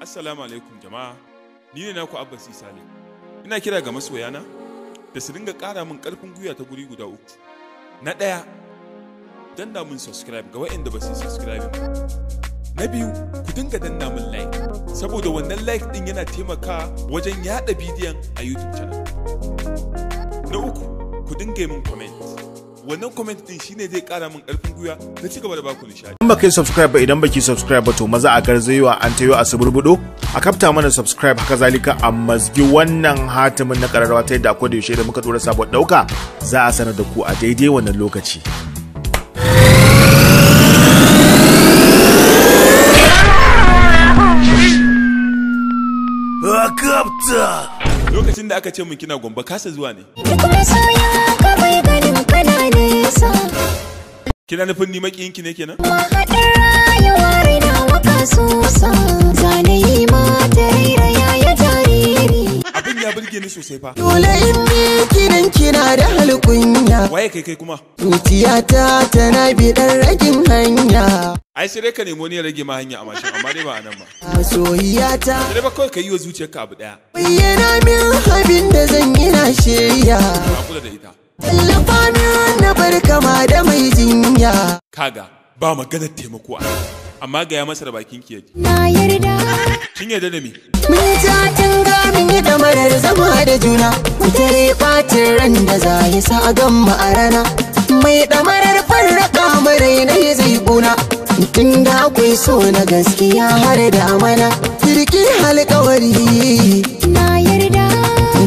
Assalamu alaikum jama'a, ni ne naku Abbas Sale. Ina kira ga masoyana da su dinga ƙara min ƙarfin gwiwa ta guri guda uku. Na ɗaya, danna min subscribe ga waɗanda ba su subscribe ba. Na biyu, ku dinga danna min like, saboda wannan like ɗin yana taimaka wajen yaɗa bidiyon a YouTube channel. Na uku, ku dinga yi min comment. wannan comment din shine zai kara min karfin gwiwa na cigaba da baku nishadi in baka yi subscribe ba idan baki subscribe ba to maza a garzaiwa an tayo a suburbudo a kafta mana subscribe haka zalika a mazgi wannan hatimin na kararwa ta yadda akwai da yaushe da muka dora sabon dauka za a sanar da ku a daidai wannan lokaci Kapta! Lokacin da aka ce mun kina gomba kasa zuwa ne. kina nufin ni makiyin ki ne kenan mahadar rayuwa raina waka sosa zane yi ma da raira ya jariri abin ya birge ni sosai fa dole in bi kidan kina da halkunya waye kai kai kuma zuciyata tana bi dan ragin hanya ai sai dai ka nemo ni rage ma hanya a mashin amma dai ba a nan ba ta sai ba kai ka yi wa zuciyarka abu daya bayyana min abin da zan yi na shirya ka kula da ita Tallafa na barka ma da kaga ba maganar taimako a amma ga ya masa da bakin ki yake na yarda kin yarda da me mun ta tanga mun yi da zama da juna mun tare bacin ran da za ya sa gan mu a rana mai damarar farraka marai ne zai gona tun da akwai so na gaskiya har da amana kirki halƙawari na yarda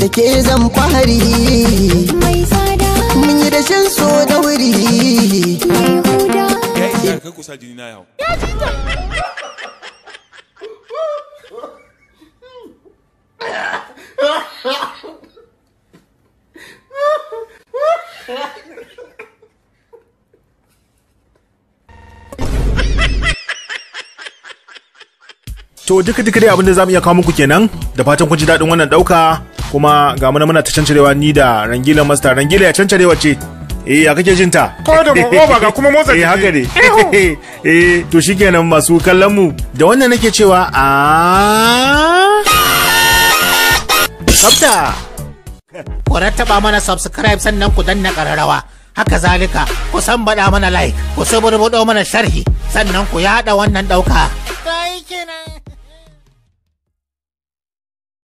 da ke zan fahari ya kusa jini ya To duka duka dai abinda zamu iya kawo muku kenan da fatan kun ji daɗin wannan ɗauka kuma ga muna muna ta cancarewa ni da Rangila Master Rangila ya cancarewa ce eh a kake jin ta ko da mu oba ga kuma motsa eh, jiki eh haka ne eh to shikenan masu kallon mu da wannan nake cewa a ah. tsafta ku rattaba mana subscribe sannan ku danna kararrawa haka zalika ku san bada mana like ku suburbudo mana sharhi sannan ku yada wannan dauka